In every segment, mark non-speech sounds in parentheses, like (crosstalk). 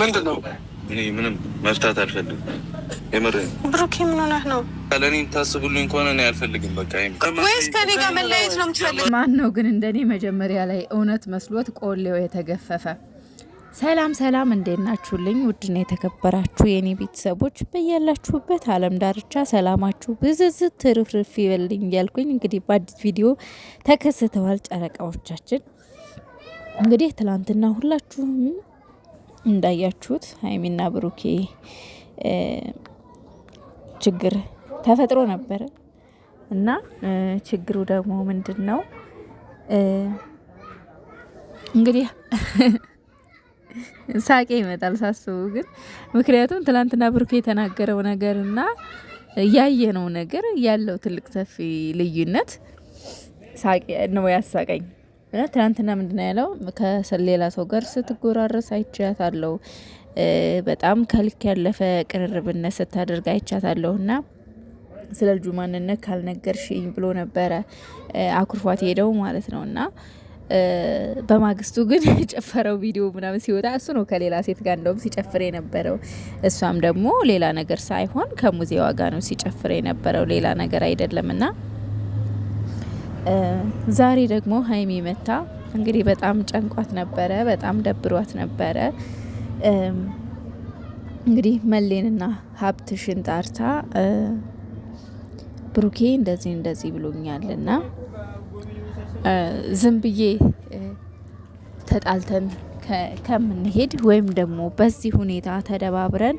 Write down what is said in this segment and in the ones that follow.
ምንድን ነው? እኔ ምንም መፍታት አልፈልግም። የምር ብሩኬ፣ ምን ሆነህ ነው? ለእኔ ታስቡልኝ ከሆነ እኔ አልፈልግም። በቃ ወይስ ከኔ ጋር መለያየት ነው የምትፈልግ? ማን ነው ግን እንደኔ መጀመሪያ ላይ እውነት መስሎት ቆሌው የተገፈፈ? ሰላም ሰላም፣ እንዴት ናችሁልኝ? ውድና የተከበራችሁ የኔ ቤተሰቦች በያላችሁበት ዓለም ዳርቻ ሰላማችሁ ብዝዝት ትርፍርፍ ይበልኝ እያልኩኝ እንግዲህ በአዲስ ቪዲዮ ተከስተዋል ጨረቃዎቻችን። እንግዲህ ትላንትና ሁላችሁም እንዳያችሁት ሀይሚና ብሩኬ ችግር ተፈጥሮ ነበረ እና ችግሩ ደግሞ ምንድን ነው እንግዲህ (laughs) ሳቄ ይመጣል ሳስቡ ግን፣ ምክንያቱም ትናንትና ብሩኬ የተናገረው ነገር እና ያየነው ነገር ያለው ትልቅ ሰፊ ልዩነት ሳቄ ነው ያሳቀኝ። ትናንትና ምንድነው ያለው? ከሌላ ሰው ጋር ስትጎራረስ አለው በጣም ከልክ ያለፈ ቅርርብነት ስታደርግ አይቻታለሁ እና ስለ ልጁ ማንነት ካልነገርሽኝ ብሎ ነበረ አኩርፏት ሄደው ማለት ነው እና በማግስቱ ግን (laughs) የጨፈረው ቪዲዮ ምናምን ሲወጣ እሱ ነው ከሌላ ሴት ጋር እንደውም ሲጨፍር የነበረው። እሷም ደግሞ ሌላ ነገር ሳይሆን ከሙዚዋ ጋር ነው ሲጨፍር የነበረው ሌላ ነገር አይደለም እና ዛሬ ደግሞ ሀይሚ መታ እንግዲህ በጣም ጨንቋት ነበረ፣ በጣም ደብሯት ነበረ። እንግዲህ መሌንና ሀብትሽን ጣርታ ብሩኬ እንደዚህ እንደዚህ ብሎኛል እና ዝም ብዬ ተጣልተን ከምንሄድ ወይም ደግሞ በዚህ ሁኔታ ተደባብረን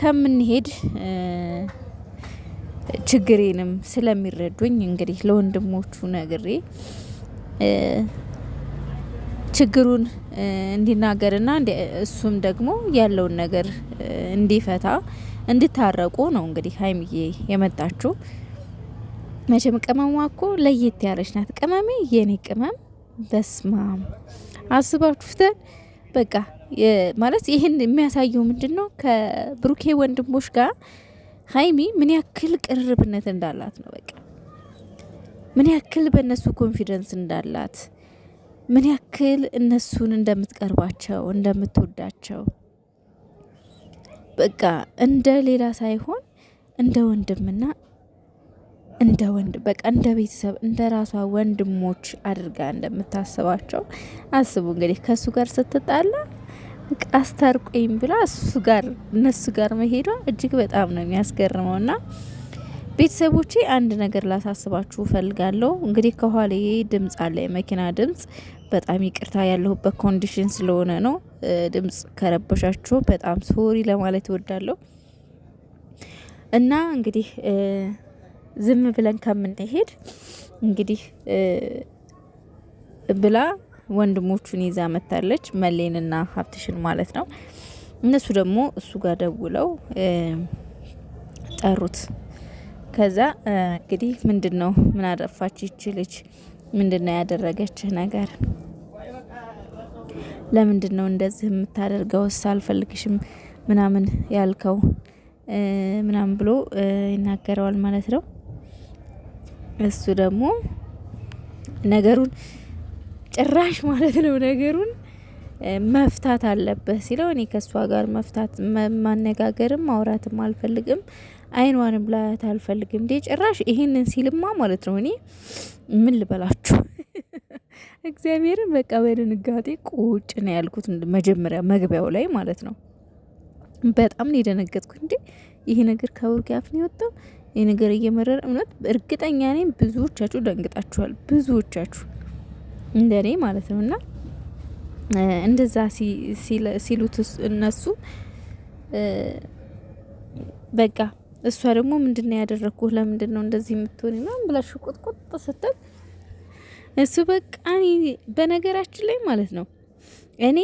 ከምንሄድ ችግሬንም ስለሚረዱኝ እንግዲህ ለወንድሞቹ ነግሬ ችግሩን እንዲናገርና እሱም ደግሞ ያለውን ነገር እንዲፈታ እንድታረቁ ነው እንግዲህ ሀይሚዬ የመጣችሁ። መቼም ቅመሟ እኮ ለየት ያለች ናት። ቅመሜ የኔ ቅመም በስማም አስባችሁትን በቃ ማለት ይህን የሚያሳየው ምንድን ነው? ከብሩኬ ወንድሞች ጋር ሀይሚ ምን ያክል ቅርብነት እንዳላት ነው በቃ ምን ያክል በእነሱ ኮንፊደንስ እንዳላት ምን ያክል እነሱን እንደምትቀርባቸው እንደምትወዳቸው በቃ እንደ ሌላ ሳይሆን እንደ ወንድምና እንደ ወንድ በቃ እንደ ቤተሰብ እንደ ራሷ ወንድሞች አድርጋ እንደምታስባቸው አስቡ። እንግዲህ ከእሱ ጋር ስትጣላ አስታርቆኝ ብላ እሱ ጋር እነሱ ጋር መሄዷ እጅግ በጣም ነው የሚያስገርመው። ና ቤተሰቦቼ አንድ ነገር ላሳስባችሁ ፈልጋለሁ እንግዲህ ከኋላ ድምጽ አለ፣ የመኪና ድምጽ። በጣም ይቅርታ ያለሁበት ኮንዲሽን ስለሆነ ነው። ድምጽ ከረበሻችሁ በጣም ሶሪ ለማለት እወዳለሁ። እና እንግዲህ ዝም ብለን ከምንሄድ እንግዲህ ብላ ወንድሞቹን ይዛ መታለች፣ መሌንና ሀብትሽን ማለት ነው። እነሱ ደግሞ እሱ ጋር ደውለው ጠሩት። ከዛ እንግዲህ ምንድን ነው ምን አረፋች ይች ልጅ ምንድን ነው ያደረገችህ ነገር? ለምንድን ነው እንደዚህ የምታደርገው? አልፈልግሽም? ምናምን ያልከው ምናምን ብሎ ይናገረዋል ማለት ነው። እሱ ደግሞ ነገሩን ጭራሽ ማለት ነው ነገሩን መፍታት አለበት ሲለው እኔ ከእሷ ጋር መፍታት ማነጋገርም ማውራትም አልፈልግም፣ አይኗንም ላያት አልፈልግም። እንዴ ጭራሽ ይሄንን ሲልማ ማለት ነው እኔ ምን ልበላችሁ (laughs) እግዚአብሔርን በቃ በድንጋጤ ቁጭ ነው ያልኩት። መጀመሪያ መግቢያው ላይ ማለት ነው በጣም ነው የደነገጥኩት። እንዴ ይሄ ነገር ከብሩክ አፍ ነው የወጣው ይሄ ነገር እየመረረ እውነት፣ እርግጠኛ ነኝ ብዙዎቻችሁ ደንግጣችኋል፣ ብዙዎቻችሁ እንደኔ ማለት ነው እና እንደዛ ሲሉት እነሱ በቃ እሷ ደግሞ ምንድነው ነው ያደረግኩህ? ለምንድን ነው እንደዚህ የምትሆን ምናምን ብላሽ ቁጥቁጥ ስትል እሱ በቃ በነገራችን ላይ ማለት ነው እኔ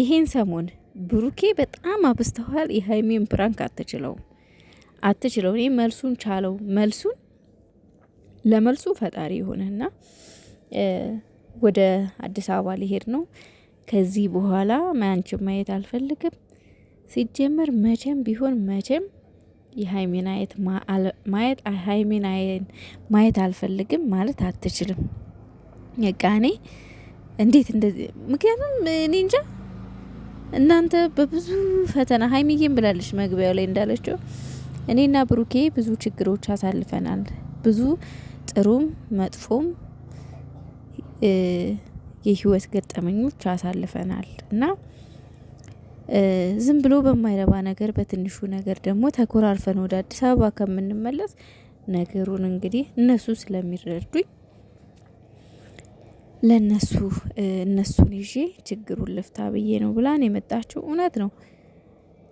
ይሄን ሰሞን ብሩኬ በጣም አብስተዋል። የሀይሜን ፕራንክ አትችለውም አትችለው። እኔ መልሱን ቻለው መልሱን ለመልሱ ፈጣሪ የሆነና ወደ አዲስ አበባ ሊሄድ ነው። ከዚህ በኋላ ማያንችን ማየት አልፈልግም። ሲጀመር መቼም ቢሆን መቼም የሀይሜን አየት ማየት ሀይሜን አየን ማየት አልፈልግም ማለት አትችልም። በቃ እንዴት እንደዚህ ምክንያቱም እኔ እንጃ እናንተ በብዙ ፈተና ሀይሚዬም ብላለች መግቢያው ላይ እንዳለችው እኔና ብሩኬ ብዙ ችግሮች አሳልፈናል። ብዙ ጥሩም መጥፎም የህይወት ገጠመኞች አሳልፈናል እና ዝም ብሎ በማይረባ ነገር በትንሹ ነገር ደግሞ ተኮራርፈን ወደ አዲስ አበባ ከምንመለስ ነገሩን እንግዲህ እነሱ ስለሚረዱኝ ለነሱ እነሱን ይዤ ችግሩን ልፍታ ብዬ ነው ብላን የመጣችው። እውነት ነው።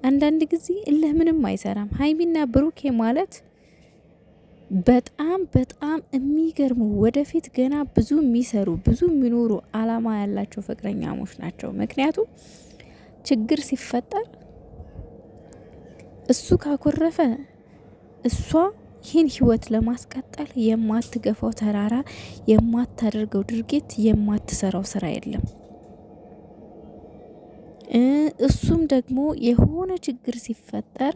አንዳንድ ጊዜ እልህ ምንም አይሰራም። ሀይሚና ብሩኬ ማለት በጣም በጣም የሚገርሙ ወደፊት ገና ብዙ የሚሰሩ ብዙ የሚኖሩ አላማ ያላቸው ፍቅረኛሞች ናቸው። ምክንያቱም ችግር ሲፈጠር እሱ ካኮረፈ እሷ ይህን ህይወት ለማስቀጠል የማትገፋው ተራራ የማታደርገው ድርጊት የማትሰራው ስራ የለም። እሱም ደግሞ የሆነ ችግር ሲፈጠር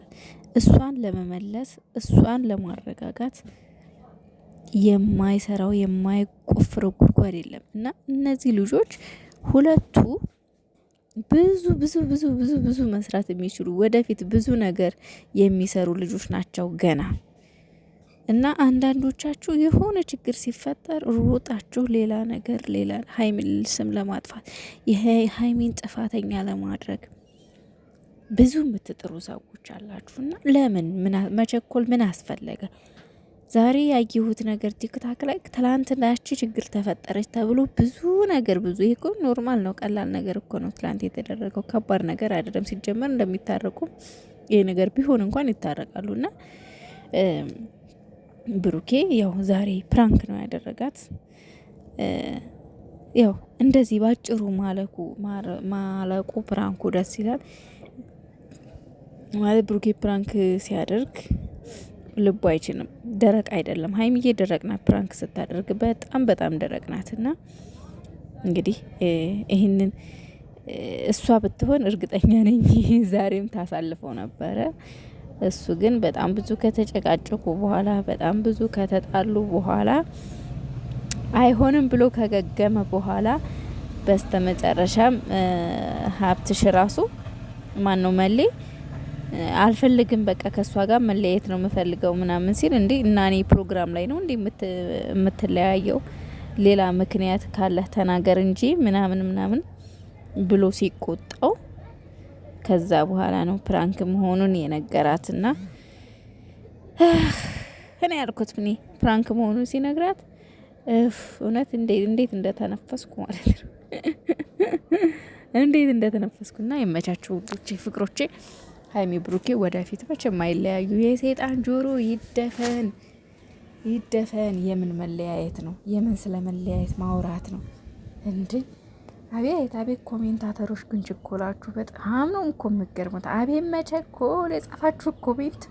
እሷን ለመመለስ እሷን ለማረጋጋት የማይሰራው የማይቆፍረው ጉድጓድ የለም እና እነዚህ ልጆች ሁለቱ ብዙ ብዙ ብዙ ብዙ ብዙ መስራት የሚችሉ ወደፊት ብዙ ነገር የሚሰሩ ልጆች ናቸው ገና እና አንዳንዶቻችሁ የሆነ ችግር ሲፈጠር ሩጣችሁ ሌላ ነገር ሌላ ሀይሚን ስም ለማጥፋት ሀይሚን ጥፋተኛ ለማድረግ ብዙ የምትጥሩ ሰዎች አላችሁ። እና ለምን መቸኮል ምን አስፈለገ? ዛሬ ያየሁት ነገር ቲክታክ ላይ ትላንትና ያቺ ችግር ተፈጠረች ተብሎ ብዙ ነገር ብዙ ይሄ እኮ ኖርማል ነው፣ ቀላል ነገር እኮ ነው። ትላንት የተደረገው ከባድ ነገር አይደለም። ሲጀመር እንደሚታረቁ ይሄ ነገር ቢሆን እንኳን እና ብሩኬ ያው ዛሬ ፕራንክ ነው ያደረጋት። ያው እንደዚህ ባጭሩ ማለቁ ማለቁ ፕራንኩ ደስ ይላል ማለት ብሩኬ ፕራንክ ሲያደርግ ልቡ አይችልም። ደረቅ አይደለም። ሀይሚዬ ደረቅ ናት። ፕራንክ ስታደርግ በጣም በጣም ደረቅ ናት። እና እንግዲህ ይህንን እሷ ብትሆን እርግጠኛ ነኝ (laughs) ዛሬም ታሳልፈው ነበረ። እሱ ግን በጣም ብዙ ከተጨቃጨቁ በኋላ በጣም ብዙ ከተጣሉ በኋላ አይሆንም ብሎ ከገገመ በኋላ በስተመጨረሻም ሀብትሽ ራሱ ማን ነው መሌ አልፈልግም በቃ ከእሷ ጋር መለያየት ነው የምፈልገው ምናምን ሲል እንዴ እና እኔ ፕሮግራም ላይ ነው እንዲ የምትለያየው ሌላ ምክንያት ካለህ ተናገር እንጂ ምናምን ምናምን ብሎ ሲቆጣው ከዛ በኋላ ነው ፕራንክ መሆኑን የነገራትና እኔ ያልኩት እኔ ፕራንክ መሆኑን ሲነግራት እውነት እንዴት እንደተነፈስኩ ማለት ነው እንዴት እንደተነፈስኩና የመቻቸው ውዶቼ ፍቅሮቼ ሀይሚ ብሩኬ ወደፊት መቼም አይለያዩ። የሰይጣን ጆሮ ይደፈን ይደፈን። የምን መለያየት ነው? የምን ስለ መለያየት ማውራት ነው እንዴ? አቤት አቤት ኮሜንታተሮች ግን ችኮላችሁ በጣም ነው እኮ የምገርሙት። አቤት መቸኮል የጻፋችሁ ኮሜንት